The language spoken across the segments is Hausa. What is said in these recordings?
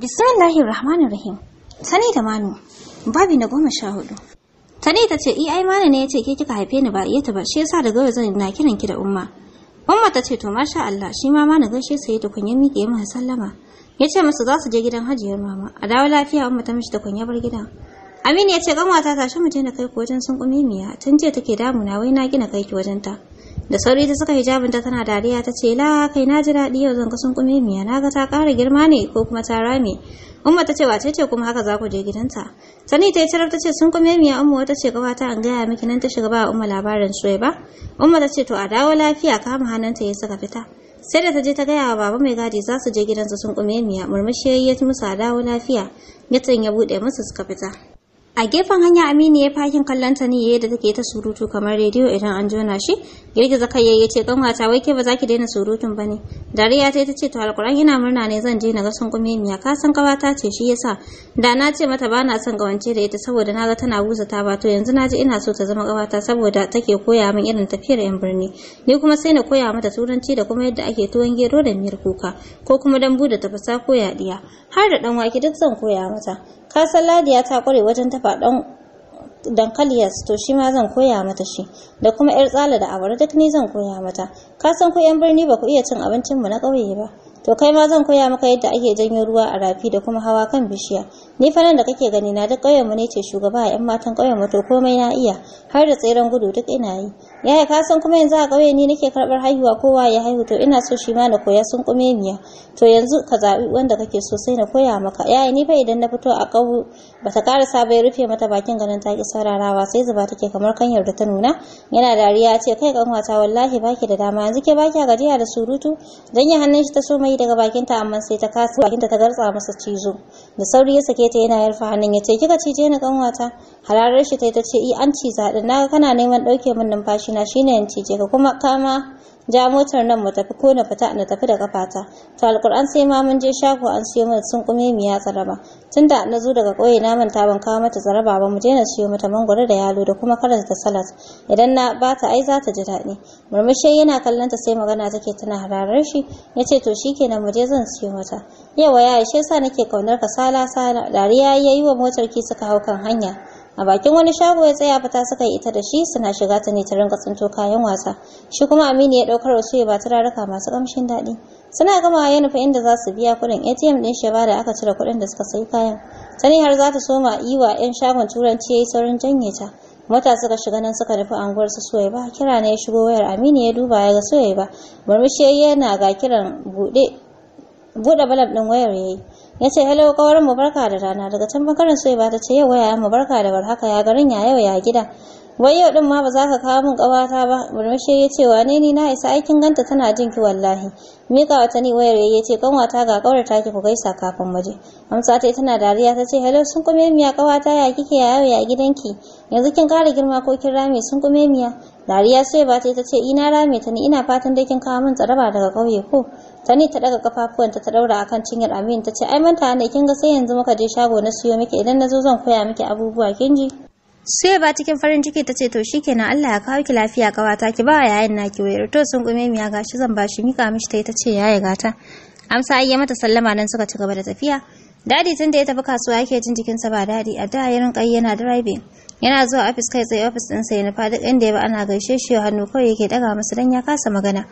Bismillahi rahmanir rahim sani da manu babi na goma sha hudu tani ta ce i eh, ai mana ne ya ce ke kika haife ni ba ta ba shi yasa daga yau zan na kiran ki da umma umma ta ce to masha Allah shi ma mana gaishe sai da kunya miƙe masa sallama ce masu za su je gidan hajiyar mama a dawo lafiya umma ta mishi da kunya bar gidan Aminu ya ce ƙanwata ta shi mu je na kai ku wajen sun miya tun jiya take damuna wai na gina kai ki wajen ta da sauri ta saka ta tana dariya ta ce la kai na ji daɗi yau zan sun kume miya na ga ta ƙara girma ne ko kuma ta rame umma ta ce wace ce kuma haka za ku je gidanta sani ta yi tarar ta ce sun kume miya umma wata ce gaba ta an gaya miki nan ta shiga ba umma labarin soyayya ba umma ta ce to a dawo lafiya kama hannunta ya saka fita sai da ta je ta gaya wa baba mai gadi za su je gidansa sun kume miya murmushi ya yi musu a dawo lafiya yatin ya buɗe musu suka fita A gefen hanya Aminu ya fakin kallon ta ne yayin da take ta surutu kamar rediyo idan an jona shi, girgiza kai ya ce kanwata wai ke ba za ki daina surutun bane. Dariya ta ta ce to alquran ina murna ne zan je na ga sun kume miya ka san kawata ce shi yasa. Da na ce mata ba na son gawance da ita saboda na ga tana buza ta ba to yanzu na ji ina so ta zama kawata saboda take koya min irin tafiyar yan birni. Ni kuma sai na koya mata turanci da kuma yadda ake tuwon gero da miyar kuka ko kuma dambu da tafasa ko yadiya har da dan wake duk zan koya mata. Ka Ladiya ta kware wajen kwaɗon dankaliyas to shi ma zan koya mata shi da kuma yar tsala da awara duk ni zan koya mata ka san ku yan birni ba ku iya cin abincin mu na ƙauye ba to kai ma zan koya maka yadda ake janyo ruwa a rafi da kuma hawa kan bishiya ni fa nan da kake gani na duk ƙauyen mu ne ce shugaba a yan matan ƙauyen mu to komai na iya har da tseren gudu duk ina yi yaya ka san kuma yanzu a ƙauye ni nake karɓar haihuwa kowa ya haihu to ina so shi ma na koya sun kume miya to yanzu ka zaɓi wanda kake sosai na koya maka yaya ni fa idan na fito a ba bata ƙara sabai rufe mata bakin ganin ta ki sararawa sai zuba take kamar kanyar da ta nuna yana dariya ce kai kanwata wallahi baki da dama yanzu ke baki gajiya da surutu ya hannun shi ta so mai daga bakinta amma sai ta kasa bakinta ta garza masa cizo da sauri ya sake ta yana yarfa hannun ya ce kika cije ni kanwata hararar shi ta ce i an ci zaɗi na kana neman ɗauke min numfashi na shine in cije ka kuma kama ja motar nan mu tafi ko na fita na tafi da kafata to alƙur'an sai ma mun je shago an siyo mana sun kume mi ya tsaraba da na zo daga ƙauye na manta ban kawo mata zaraba ba mu je na siyo mata mangwaro da yalo da kuma karanta salat idan na bata ai za ta ji daɗi murmushi yana kallon ta sai magana take tana hararar shi ce to shikenan mu je zan siyo mata yawa ya shi yasa nake kaunar ka sala sala dariya yayi wa motar ki suka hau kan hanya a bakin wani shago ya tsaya fita suka yi ita da shi suna shiga ta ne ta rinka tsinto kayan wasa shi kuma aminu ya ɗaukar wasu ya ba turaruka masu ƙamshin daɗi suna gama ya nufa inda za su biya kuɗin atm ɗin shi ba da aka cire kuɗin da suka sayi kayan ta ne har za ta soma yi wa 'yan shagon turanci ya yi saurin janye ta mota suka shiga nan suka nufi anguwar su suwaiba kira ne ya shigo wayar aminu ya duba ya ga ba murmushi yana ga kiran buɗe buɗe balab ɗin wayar ya yi ya ce hello kawar mu barka da rana daga can bangaren sai ba ta ce yau waya mu barka da haka ya garin ya yau ya gida wai yau din ma ba za ka kawo min kawata ba murmushi ya ce wane ni na isa aikin ganta tana jin ki wallahi mika wata ni wayar ya ce kanwata ga kawar ta ki ku gaisa kafin waje amsa ta tana dariya ta ce hello sun kuma miya kawata ya kike ya yau ya gidanki yanzu kin kara girma ko kin rame sun kuma miya dariya sai ba ta ce ina rame ta ni ina fatan da kin kawo min tsaraba daga kauye ko Tani ta daga kafafuwanta ta daura akan cinyar Amin ta ce ai manta ne kin ga sai yanzu muka je shago na siyo miki idan na zo zan koya miki abubuwa kin ji. Sai ba cikin farin ciki ta ce to shikenan Allah ya kawo ki lafiya kawata ki ba yayin naki wayar to sun gume miya gashi zan bashi mika mishi tai ta ce yaya gata. Amsa ayya mata sallama nan suka ci gaba da tafiya. Dadi tun da ya tafi kasuwa yake jin jikinsa ba dadi a da ya rinƙa yana driving. yana zuwa ofis kai tsaye ofis din sai nufa duk da ya ba ana gaishe shi hannu kawai yake daga masa dan ya kasa magana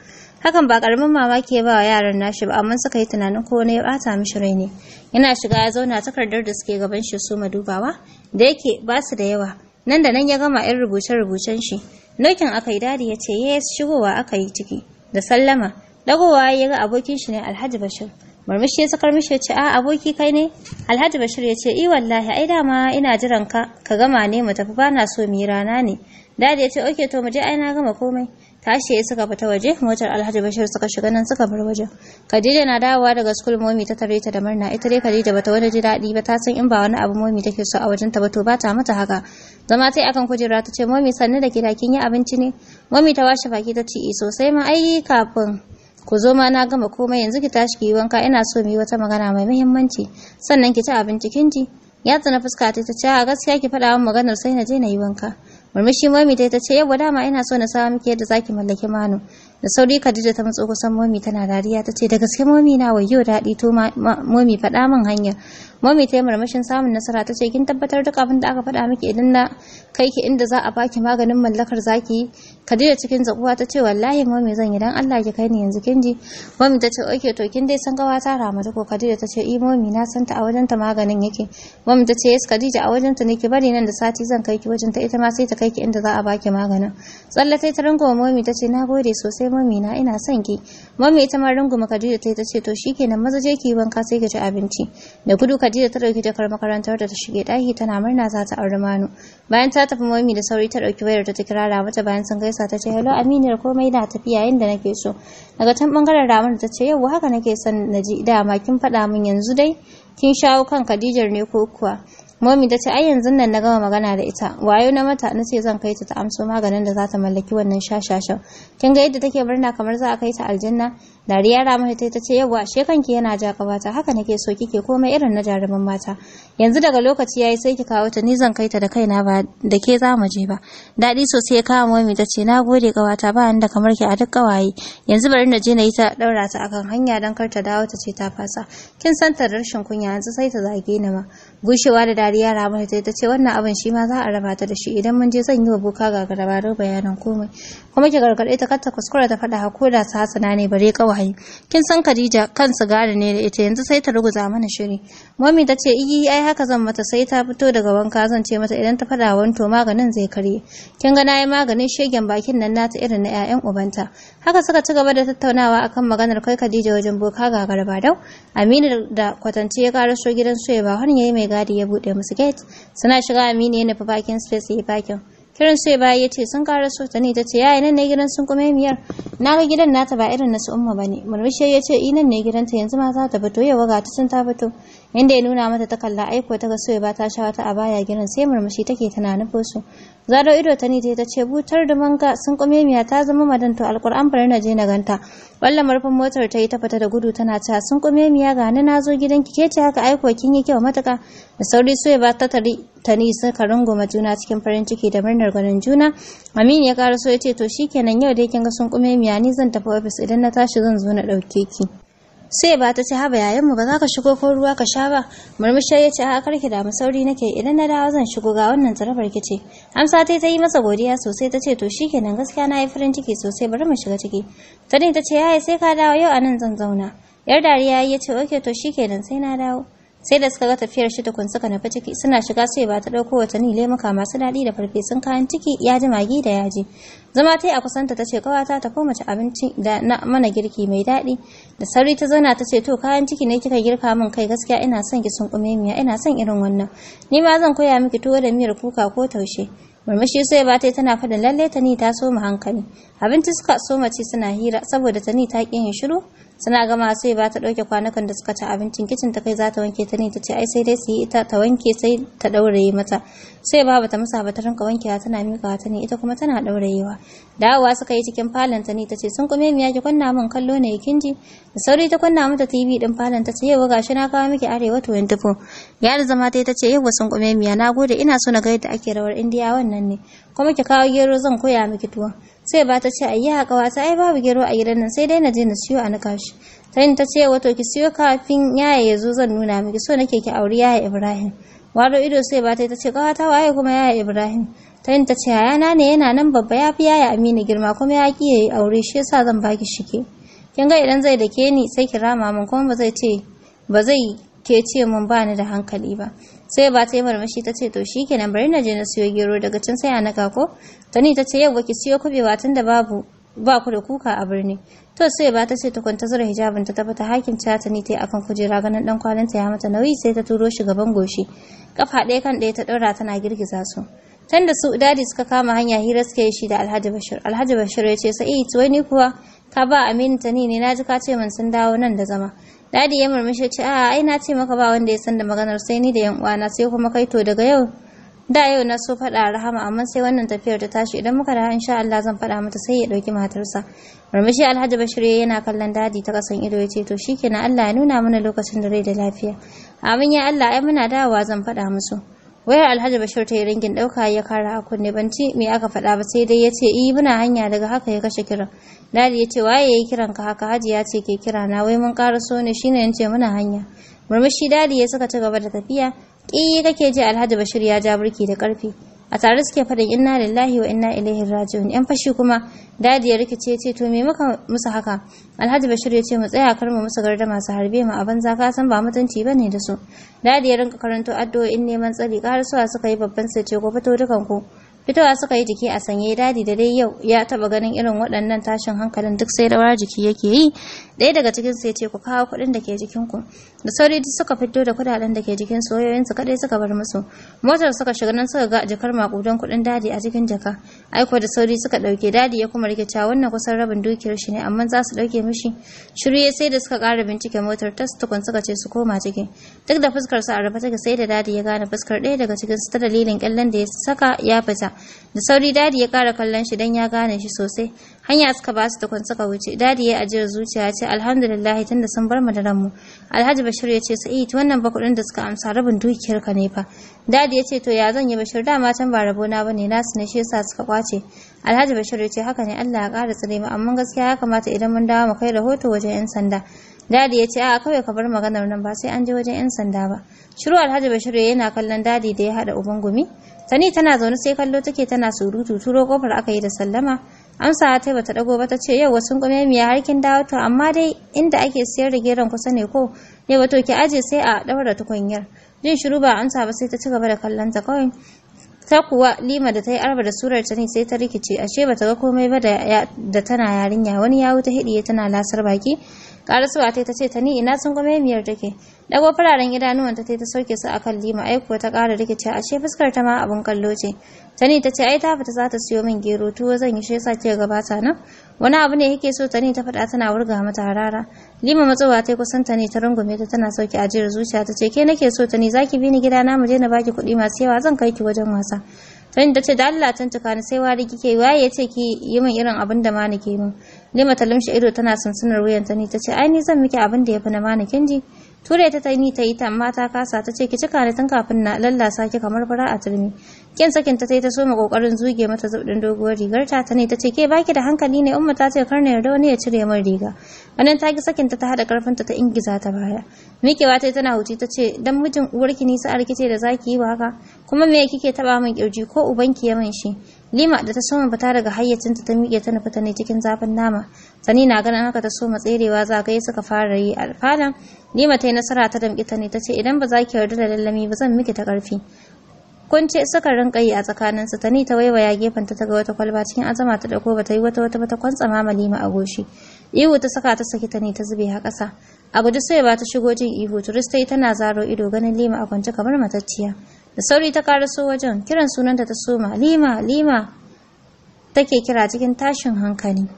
hakan ba karamin mamaki ya ba wa yaran nashi ba amma suka yi tunanin ko ne ya bata mishi rai ne yana shiga ya zauna takardar da suke gaban shi su dubawa da yake ba su da yawa nan da nan ya gama yan rubuce-rubucen shi nokin aka yi dadi ya ce yes shigowa aka yi ciki da sallama dagowa ya ga abokin shi ne alhaji bashir murmushi ya sakar mishi ya ce a aboki kai ne alhaji bashir ya ce i wallahi ai dama ina jiran ka ka gama ne mu tafi bana so mu rana ne dadi ya ce oke to mu je ai na gama komai tashi ya suka fita waje motar alhaji bashir suka shiga nan suka bar wajen khadija na dawowa daga school momi ta tare ta da murna ita dai khadija bata wani ji daɗi ba ta san in ba wani abu momi take so a wajen ta ba to bata mata haka zama sai akan kujera ta ce momi sanne da gida kin yi abinci ne momi ta washe baki ta ce eh, sosai ma ai kafin ku zo ma na gama komai yanzu ki tashi ki yi wanka ina so mu yi wata magana mai muhimmanci sannan ki ci abinci kinji ya tsana fuska ta ta ce a gaskiya ki faɗa min maganar sai na je na yi wanka murmushi mami ta ce yau dama ina so na samu miki yadda zaki mallaki mano da sauri Khadija ta matso kusan momi tana dariya ta ce da gaske mami na wayo daɗi to momi faɗa min hanyar momi ta yi murmushin samun nasara ta ce kin tabbatar duk abin da aka faɗa miki idan na kai ki inda za a baki maganin mallakar zaki Khadija cikin zakuwa ta ce wallahi mami zan yi dan Allah ki kai ni yanzu kin ji mami ta ce okay to kin dai san gawa ta ta ko Khadija ta ce i eh, mami na san ta a wajen ta maganin yake mami ta ce yes Khadija a wajen ta nake ki bari nan da sati zan kai ki wajen ta ita ma sai ta kai ki inda za a baki maganin tsallatai ta rungu mami ta ce gode sosai mami na ina son ki mami ita ma rungu Khadija ta ce to shikenan maza je ki wanka sai ki ci abinci da gudu Khadija ta dauki jakar makarantar da ta shige ɗaki tana murna za ta aure Manu bayan ta tafi mami da sauri ta dauki wayar ta kira mata bayan sun gaisa amsa ta ce hello aminiyar komai na tafiya yadda nake so daga can bangaren ramar ta ce yau haka nake son na ji dama kin faɗa min yanzu dai kin shawo kan Khadijar ne ko kuwa Momi ta ce ai yanzu nan na gama magana da ita. Wayo na mata na ce zan kai ta ta amso maganin da za ta mallaki wannan shashashan. Kin ga yadda take murna kamar za a kai ta aljanna. dariya rama ta ta ce yawa ashe kanki yana ja kabata haka nake so kike komai irin na jaruman mata yanzu daga lokaci yayi sai ki kawo ta ni zan kai ta da kaina ba da ke za mu je ba dadi sosai ya kawo mami ta ce nagode kawata ba da kamar ki a duk kawaye yanzu bari na je na yi ta daura ta akan hanya dan kar ta dawo ta ce ta fasa kin san ta rashin kunya yanzu sai ta zage ni ma gushewa da dariya rama ta ta ce wannan abin shi ma za a raba ta da shi idan mun je zan yi wa boka ga garabarar bayanan komai kuma ki gargaɗe ta kar ta kuskura ta faɗa hakoda da ta hasana ne bare kawai wahayi kin san Khadija kan sigari ne da ita yanzu sai ta ruguza mana shiri mami ta ce iyi ai haka zan mata sai ta fito daga wanka zan ce mata idan ta fada wanto maganin zai karye kin ga nayi maganin shegen bakin nan nata irin na ƴaƴan ubanta haka suka ci gaba da tattaunawa akan maganar kai Khadija wajen boka ga garba dau Aminu da kwatance ya so gidan su ya ba har yayi mai gadi ya bude musu gate suna shiga Aminu ya nufi bakin space ya bakin kiran sai baya ya ce sun su ta ne ta ce yaya nan ne gidan sun kuma miyar. Na ga gidan nata ba irin na su umma bane. Murmushi ya ce inan ne gidanta yanzu ma za ta fito yau ga ta sun ta fito. inda ya nuna mata ta kalla aiko ta ga ba ta sha wata abaya girin sai murmushi take tana nufo su zado ido ta ni ta ce butar da manga sun kume miya ta zama madan to alquran bari na je na ganta wallan marfin motar ta yi ta fita da gudu tana ta sun kume miya ga ni na zo gidan ki ce haka aiko kin yi kyau mataka da sauri ba ta tari ta ni suka ma juna cikin farin ciki da murnar ganin juna amin ya karaso ya ce to shikenan yau dai kin ga sun kume miya ni zan tafi office idan na tashi zan zo na dauke ki sai ba ta ce haba yayan mu ba za ka shigo ko ruwa ka sha ba murmushi ya ce a karki da mu sauri nake idan na dawo zan shigo ga wannan tsarabar ce amsa ta ta yi masa godiya sosai ta ce to shi shikenan gaskiya na yi farin ciki sosai bari mu shiga ciki ta ne ta ce yaya sai ka dawo yau anan zan zauna yar dariya ya ce oke to shi shikenan sai na dawo sai da suka ga tafiyar shi tukun suka nufi ciki suna shiga sai ba ta ɗauko wata ni lemuka masu daɗi da farfesun kayan ciki ya ji magi da yaji zama ta a kusanta ta ce kawata ta koma ci abinci da na mana girki mai daɗi da sauri ta zauna ta ce to kayan ciki ne kika girka min kai gaskiya ina son ki sun kume miya ina son irin wannan ni ma zan koya miki tuwo da miyar kuka ko taushe murmushi sai ba ta yi tana faɗin lalle tani ta so mu hankali abinci suka so mace suna hira saboda tani ta ƙi yin shiru sana gama sai ba ta ɗauke kwanukan da suka ci abincin kicin ta kai za ta wanke ta ne ta ce ai sai dai su yi ita ta wanke sai ta ɗauraye mata sai ba ta musa ba ta rinka wankewa tana miƙawa ta ne ita kuma tana ɗaurayewa dawowa suka yi cikin falon ta ne ta ce sun kuma miya ki kunna min kallo ne kin ji da sauri ta kunna mata tv din falon ta ce yau gashi na kawo miki arewa 24 ya da zama ta yi ta ce yau sun yi miya na gode ina so na ga yadda ake rawar indiya wannan ne kuma ki kawo gero zan koya miki tuwon sai ba ta ce a yi ayya kawata ai babu gero a gidan nan sai dai na je na siyo a nika shi sai ta ce wato ki siyo kafin yaya ya zo zan nuna miki so nake ki auri yaya Ibrahim waro ido sai ba ta ce kawata waye kuma yaya Ibrahim ta yin ta ce yana ne yana nan babba ya fi yaya Aminu girma kuma ya ki yayi aure shi yasa zan baki shike kin ga idan zai dake ni sai ki rama min kuma ba zai ce ba zai ke ce mun bani da hankali ba sai ba ta yi marmashi ta ce to shi kenan bari na je na siyo gero daga can sai a naka ko tani ta ce yau ki siyo kubewa tun da babu ba ku da kuka a birni to sai ba ta ce ta kwanta zura hijabin ta tabbata hakin ta ta ni ta akan kujera ganin dan ta ya mata nauyi sai ta turo shi gaban goshi kafa ɗaya kan ɗaya ta ɗora tana girgiza su tun da su dadi suka kama hanya hira suka yi shi da alhaji bashir alhaji bashir ya ce sa'i tuwai ni kuwa ka ba aminu ta ni ne na ji ka ce mun sun dawo nan da zama Dadi ya murmushi ce, "A, ai na ce maka ba wanda ya san da maganar sai ni da 'yan uwana sai kuma kai to daga yau." Da yau na so faɗa Rahama amma sai wannan tafiyar ta tashi idan muka da insha Allah zan faɗa mata sai ya ɗauki matarsa. Murmushi Alhaji Bashir yana kallon dadi ta kasan ido ya ce to shikenan Allah ya nuna mana lokacin da rai da lafiya. Amin ya Allah ai muna dawowa zan faɗa musu. wayar alhaji bashir ta yi ringin ɗauka ya kara a kunne ban ci me aka faɗa ba sai dai ya ce i eh, muna hanya daga haka ya kashe kiran dadi ya ce waye ya yi kiran ka haka hajiya ce ke kira na wai mun ƙara so ne shine in muna hanya murmushi dadi ya suka ci gaba da tafiya ƙi kake ji alhaji bashir ya ja burki da ƙarfi a tare suke faɗin inna lillahi wa inna ilaihi raji'un yan fashi kuma dadi ya rikice ce to me muka musu haka alhaji bashir ya ce mu tsaya kar mu musu garda masu harbe mu a banza kasan san ba mutunci bane da su dadi ya rinka karanto addu'o'in neman tsari kar suwa suka yi babban sace gobe to dukan ku fitowa suka yi jiki a sanye dadi da dai yau ya taba ganin irin waɗannan tashin hankalin duk sai rawar jiki yake yi ɗaya daga cikin sai ce ku kawo kuɗin da ke jikinku da sauri duk suka fito da kuɗaɗen da ke jikin su wayoyinsu kaɗai suka bar musu motar suka shiga nan suka ga jakar makudan kuɗin dadi a cikin jaka aiko da sauri suka ɗauke dadi ya kuma rikica wannan kusan rabin dukiyar shi ne amma za su ɗauke mishi shirye sai da suka ƙara bincike motar tas tukun suka ce su koma ciki duk da fuskar su a rufe take sai da dadi ya gane fuskar ɗaya daga cikin su ta dalilin ƙyallen da ya saka ya fita da sauri dadi ya kara kallon shi dan ya gane shi sosai hanya suka ba su kunsu suka wuce dadi ya ajiyar zuciya ce alhamdulillah tunda sun bar mu da mu. alhaji bashir ya ce eh wannan ba kudin da suka amsa rabin dukiyar ka ne fa dadi ya ce to ya zan yi bashir dama can ba rabo na bane nasu ne shi yasa suka kwace alhaji bashir ya ce haka ne allah ya kara tsare mu amma gaskiya ya kamata idan mun dawo mu kai rahoto wajen yan sanda dadi ya ce a kawai ka bar maganar nan ba sai an je wajen yan sanda ba shiru alhaji bashir yana kallon dadi da ya hada uban Tani tana zaune sai kallo take tana surutu turo kofar aka yi da sallama. Amsa ta bata dago ba ta ce yau wasu kuma miya har kin dawo to amma dai inda ake siyar da geran kusa ne ko ne wato ki aje sai a daura tukunyar. Jin shiru ba amsa ba sai ta ci gaba da kallon kawai. Ta kuwa Lima da ta yi arba da surar ta sai ta rikice ashe bata ga komai ba da tana yarinya wani ya ta hidiye tana lasar baki. karasuwa ta ta ce ta ni ina sun gwame miyar take dago fararen idanuwan ta ta sauke su akan lima ai aiko ta ƙara rikice ashe fuskar ta ma abun kallo ce Ta ni ta ce ai ta fita za ta siyo min gero tuwo zan yi shi yasa ke gabata nan wani abu ne yake so ta tani ta faɗa tana wurga mata harara lima matsowa ta kusan ta tani ta rungume ta tana sauke ajiyar zuciya ta ce ke nake so ta ni zaki bi ni gidana mu je na baki kuɗi masu yawa zan kai ki wajen wasa Ta ni ta ce da Allah tantuka ni sai wari kike waye ya ce ki yi min irin abin da ma nake min Lima ta lumshe ido tana sunsunar wuyanta ni ta ce ai ni zan miki abin da ya fi na mana kinji. Ture ta ta ni ta yi ta amma ta kasa ta ce ki cika ni tun kafin na lallasa ki kamar fara a turmi. Kin sakin ta ta soma kokarin zuge mata zubdin doguwar rigar ta ta ne ta ce ke baki da hankali ne umma ta ce kar na yarda wani ya cire min riga. Anan ta ki sakin ta ta hada karfin ta ta ingiza ta baya. Mikewa ta tana huci ta ce dan mijin uwarki ni sa'ar arkice da zaki yi wa haka kuma me kike taba min kirji ko ubanki ya min shi. Lima da ta soma fita daga hayyacinta ta miƙe ta nufi ta ne cikin zafin nama. Sani na ganin haka ta soma tserewa zagaye suka fara yi falon. Lima ta yi nasara ta damƙi ta ne ta ce idan ba za ki yarda da lallami ba zan miki ta ƙarfi. Kunce suka rinƙa yi a tsakaninsu ta ni ta waiwaya gefen ta ga wata kwalba cikin azama ta ba ta yi wata wata ba ta kwantsa mama Lima a goshi. Ihu ta saka ta saki ta ne ta zube a ƙasa. Abu sai ba ta shigo jin ihu turistai tana zaro ido ganin Lima a kwance kamar matacciya. da sauri ta karaso wajen kiran sunanta ta soma lima lima take kira cikin tashin hankali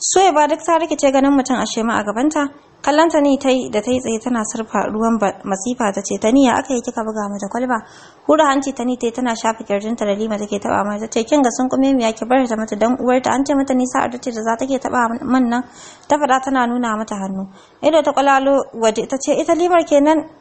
soya ba duk ta rikice ganin mutum a shema a gabanta kallanta ne ta yi da ta yi tsaye tana surfa ruwan masifa ta ce ta niya aka yi kika buga mata kwalba hura hanci ta ni ta tana shafa kirjinta da lima take taba mai ta ce kin ga sun kume miya ki bar ta mata dan ta an ce mata nisa a ce da za take taba man nan ta fada tana nuna mata hannu ido ta kwalalo waje ta ce ita limar kenan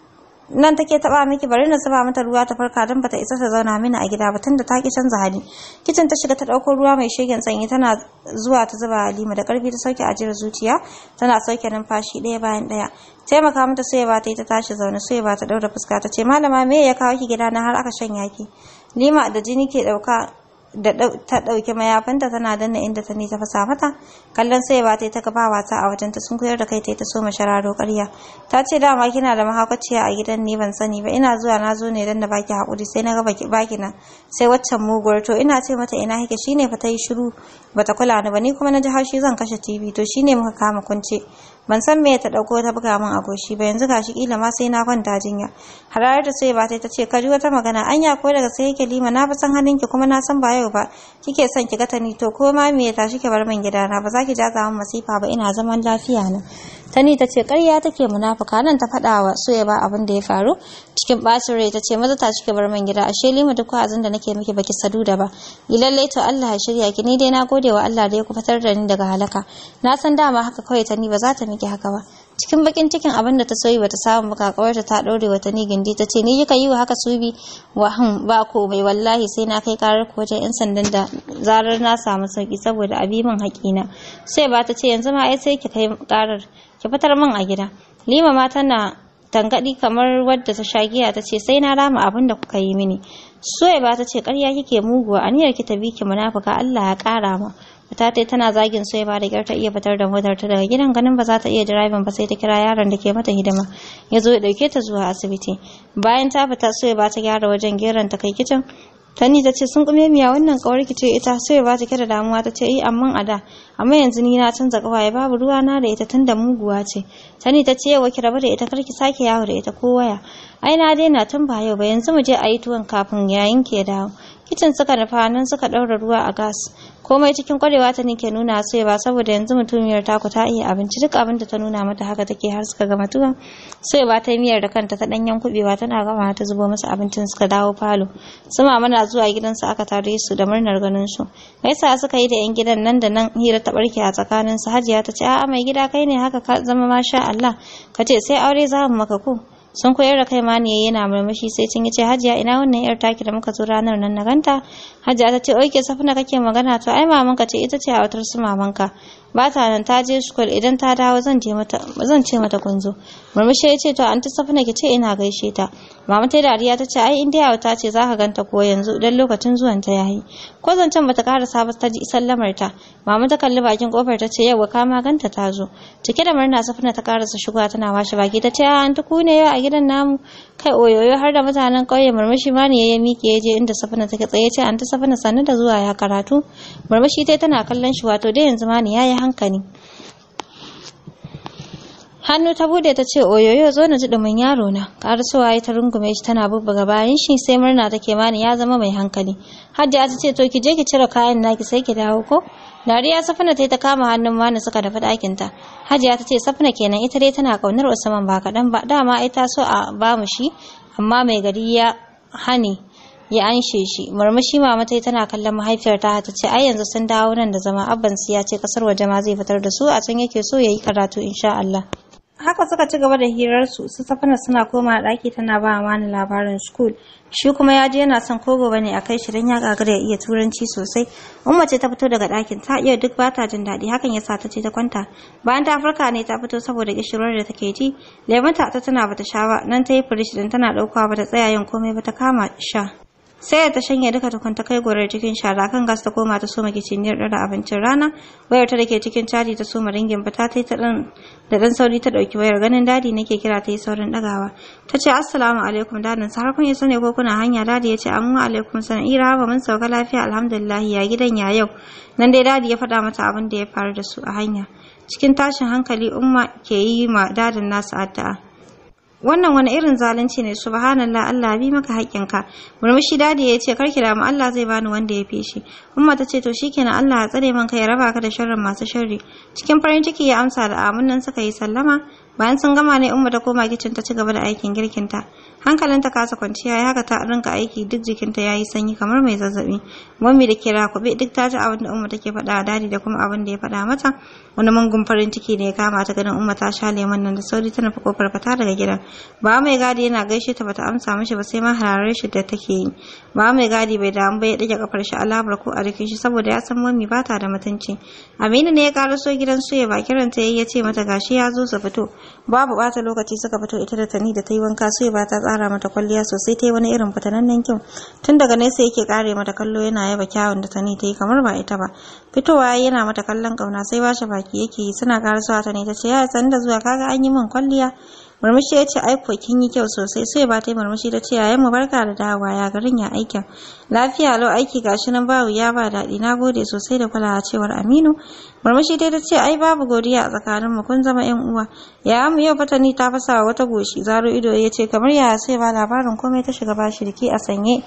nan take taba miki bari na zuba mata ruwa ta farka don bata isa ta zauna mini a gida ba tunda ta ki canza hali kitchen ta shiga ta dauko ruwa mai shegen sanyi tana zuwa ta zuba Halima da karfi ta sauke ajiyar zuciya tana sauke numfashi ɗaya bayan ɗaya taimaka mata sai ba ta yi ta tashi zaune sai ba ta daura fuska ta ce malama me ya kawo ki gida na har aka shan yaki? Lima da jini ke dauka da ta ɗauki mayafinta tana danna inda ta ta fasa mata kallon sai ba ta yi ta gaba wata a wajen ta sun koyar da kai ta yi ta so shararo ƙarya ta ce dama kina da mahaukaciya a gidan ni ban sani ba ina zuwa na zo ne dan da baki hakuri sai na ga baki nan sai waccan muguwar to ina ce mata ina hike shine fa ta yi shiru bata kula ni ba ni kuma na ji haushi zan kashe tv to shine muka kama kunce ban san me ta dauko ta buga min agoshi ba yanzu gashi kila ma sai na kwanta jinya hararar da sai ba sai tace ce ka ji wata magana anya ko daga sai yake lima na fi san ki kuma na san ba yau ba kike son ki ga ta ni to ko ma me ya shi ki bar min gidana ba za ki jaga min masifa ba ina zaman lafiya na tani ta ce ƙarya take munafuka nan ta faɗa wa soya ba abin da ya faru cikin ɓacin rai ta ce maza ta cike bar min gida ashe lima duk wa'azin da nake miki baki sadu da ba ilalle to Allah ya shirya ki ni dai na gode wa Allah da ya kufatar da ni daga halaka na san dama haka kawai tani ba za ta miki haka ba cikin bakin cikin abin da ta soyi bata samu kakawar ta wata ni gindi ta ce ni kika yi wa haka subi wa han ba ko bai wallahi sai na kai karar ko wajen yan sandan da zarar na samu sauki saboda abimin min haƙina sai ba ta ce yanzu ma ai sai ki kai karar ki fitar min a gida lima ma tana tangaɗi kamar wadda ta sha giya ta ce sai na rama abin da kuka yi mini soya ba ta ce ƙarya kike muguwa aniyar ki ta bi ki munafuka Allah ya kara ma ta ta tana zagin so ba da ta iya fitar da motar ta daga gidan ganin ba za ta iya direban ba sai ta kira yaron da ke mata hidima. Ya zo ya dauke ta zuwa asibiti. Bayan ta fita so ta gyara wajen geron ta kai kicin. Tani ta ce sun kume miya wannan kawar ki ce ita so ba ta kira damuwa ta ce yi eh, amma a da amma yanzu ni na canza kawaye babu ruwa na da ita tunda muguwa ce. Tani ta ce yau ki rabu da ita karki sake yawo da ita ko waya. ai na daina tun ba yau ba yanzu mu je a yi tuwon kafin yayin ke dawo kicin suka rufa nan suka ɗaura ruwa a gas komai cikin kwarewa ta ke nuna su ba saboda yanzu mutumiyar taku ta iya abinci duk abin da ta nuna mata haka take har suka gama tuwon sai ba ta miyar da kanta ta danyen kubewa tana gama ta zubo masa abincin suka dawo falo su mana zuwa gidansu aka tare su da murnar ganin su sa suka yi da yan gidan nan da nan hira ta barke a tsakanin su hajiya ta ce a'a mai gida kai ne haka ka zama masha Allah ka ce sai aure za mu maka ku sun koyar da kai yayi yana murmushi sai cin yace hajiya ina wannan yar taki da muka zo ranar nan na ganta hajiya ta ce oke safina kake magana to ai mamanka ce ita ce a wutar su mamanka bata nan ta je school idan ta dawo zan je mata zan ce mata kun zo murmushi ya ce to an ta safina ki ce ina gaishe ta mama ta dariya ta ce ai inda yawa ta ce zaka ganta ko yanzu dan lokacin zuwan ta yayi ko zan zancen bata kara ba ta ji sallamar ta mama ta kalli bakin kofar ta ce yau ka ma ganta ta zo cike da murna safina ta kara sa shigowa tana washe baki ta ce an ku ne a gidan namu kai oyoyo har da mutanen kauyen murmushi ma ne ya miƙe ya je inda safina take tsaye ce an ta safina sannu da zuwa ya karatu murmushi tai tana kallon shi wato dai yanzu ma ne yayi hankali hannu ta bude ta ce oyoyo zo na ji dumin yaro na karsuwa ya ta rungume shi tana bubbuga bayan shi sai murna take mani ya zama mai hankali hajjia ta ce to ki je ki cire kayan naki sai ki dawo ko dariya safina ta ta kama hannun mani suka dafa ɗakin ta hajiya ta ce safina kenan ita dai tana kaunar usman ba kaɗan ba dama ita so a bamu shi amma mai gari ya hani ya anshe shi murmushi mama tai tana kallon mahaifiyar ta ta ce ai yanzu sun dawo nan da zama abban su ya ce kasar waje ma zai fitar da su a can yake so yayi karatu insha Allah haka suka ci gaba da hirar su su safana suna koma daki tana ba mani labarin school shi kuma ya je yana son kogo bane a kai shi dan ya gagara ya iya turanci sosai umma ce ta fito daga dakin ta iya duk bata jin daɗi hakan yasa ta ce ta kwanta bayan ta farka ne ta fito saboda kishirar da take ji lemon ta tana bata sha ba nan ta yi firish din tana ɗaukawa bata tsaya yin komai bata kama sha sai ta shanye duka tukun ta kai gorar cikin shara kan gas ta koma ta soma kiciniyar da abincin rana wayar ta ke cikin caji ta soma ringin fita ta ta dan da dan sauri ta ɗauki wayar ganin dadi nake kira ta yi saurin dagawa ta ce assalamu alaikum dadin sa har kun yi sani ko kuna hanya dadi ya ce wa alaikum sana ira ba mun sauka lafiya alhamdulillah ya gidan ya yau nan dai dadi ya faɗa mata abin da ya faru da su a hanya cikin tashin hankali umma ke yi ma dadin nasu addu'a wannan wani irin zalunci ne subhanallah Allah bi maka haƙƙinka murmushi dadi ya ce karki damu Allah zai bani wanda ya fi shi umma ta ce to shikenan Allah ya tsare man ka ya raba ka da sharrin masu sharri cikin farin ciki ya amsa da amunan nan suka yi sallama bayan sun gama ne umma ta koma kicin ta ci gaba da aikin girkin ta Hankalin ta kasa kwanciya ya haka ta rinka aiki duk jikinta ya yi sanyi kamar mai zazzabi mami da ke rakube duk ta ji abin da umma take faɗa a dadi da kuma abin da ya faɗa mata wani mangun farin ciki ne ya kama ta ganin umma ta sha lemon nan da sauri ta nufi kofar fita daga gidan ba mai gadi yana gaishe ta bata amsa mishi ba sai ma hararar shi da take yi ba mai gadi bai damu ba ya ɗage kafar shi alamar ko a jikin shi saboda ya san mami ba ta da mutunci aminu ne ya so gidan suya ya ba ta yayi ya ce mata gashi ya zo su fito babu bata lokaci suka fito ita da tani da ta yi wanka suya ba ta tsara kara mata kwalliya sosai ta yi wani irin fitanannen kyau tun daga nesa yake kare mata kallo yana yaba kyawun da sani ta yi kamar ba ita ba fitowa yana mata kallon kauna sai ba shi baki yake yi suna karasuwa ta ne ta ce ya san da zuwa kaga an yi min kwalliya murmushi ya ce aiko kin yi kyau sosai sai ba ta yi murmushi ta ce yayan mu barka da dawowa ya garin ya aikin lafiya lau aiki gashi nan babu ya ba daɗi na gode sosai da kulawa cewar aminu murmushi dai ta ce ai babu godiya a tsakanin mu kun zama yan uwa ya mu yau fatani ta fasa wata goshi zaro ido ya ce kamar yaya sai ba labarin komai ta shiga bashi riki a sanye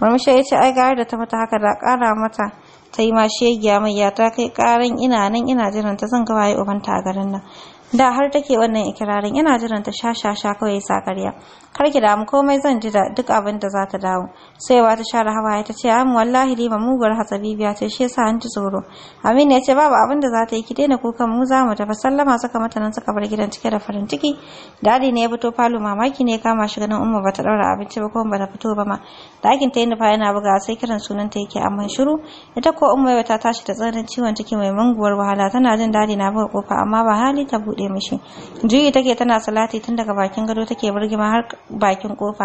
murmushi ya ce ai gare da ta mata haka da kara mata ta yi ma shegiya mai ya ta kai ƙaran ina nan ina jiran ta zan ga waye ubanta a garin nan da har take wannan ikirarin ina jiran ta sha sha sha kawai sa karya kar ki damu komai zan ji da duk abin da zaka dawo Sai wa ta share hawaye ta ce amin wallahi lima muguwar hatsabibiya ce shi yasa an ji tsoro amin ya ce babu abin da za ta yi ki daina kukan mu za mu tafi sallama suka mata nan suka bar gidan cike da farin ciki dadi ne ya fito falo mamaki ne ya kama shi ganin umma bata daura abinci ba kuma bata fito ba ma dakin ta yi nufa yana buga sai kiran sunan ta yake amma shiru ita ko umma ta tashi da tsananin ciwon ciki mai manguwar wahala tana jin dadi na buga kofa amma ba hali ta bude mishi juyi take tana salati tun daga bakin gado take birgima har bakin kofa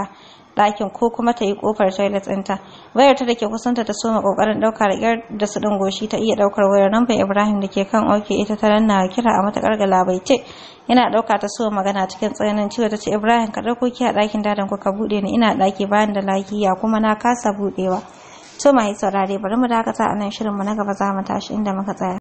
ɗakin ko kuma ta yi kofar toilet ɗinta wayar ta da ke kusanta ta soma kokarin ɗauka da ƙyar da su goshi ta iya ɗaukar wayar lambar ibrahim da ke kan oke ita ta ranna kira a matakar labaice yana ɗauka ta so magana cikin tsananin ciwo ta ce ibrahim ka ɗauko ki a ɗakin dadan ku ka buɗe ni ina ɗaki bayan da lafiya kuma na kasa buɗewa to mai saurare bari mu dakata a nan mu na gaba za mu tashi inda muka tsaya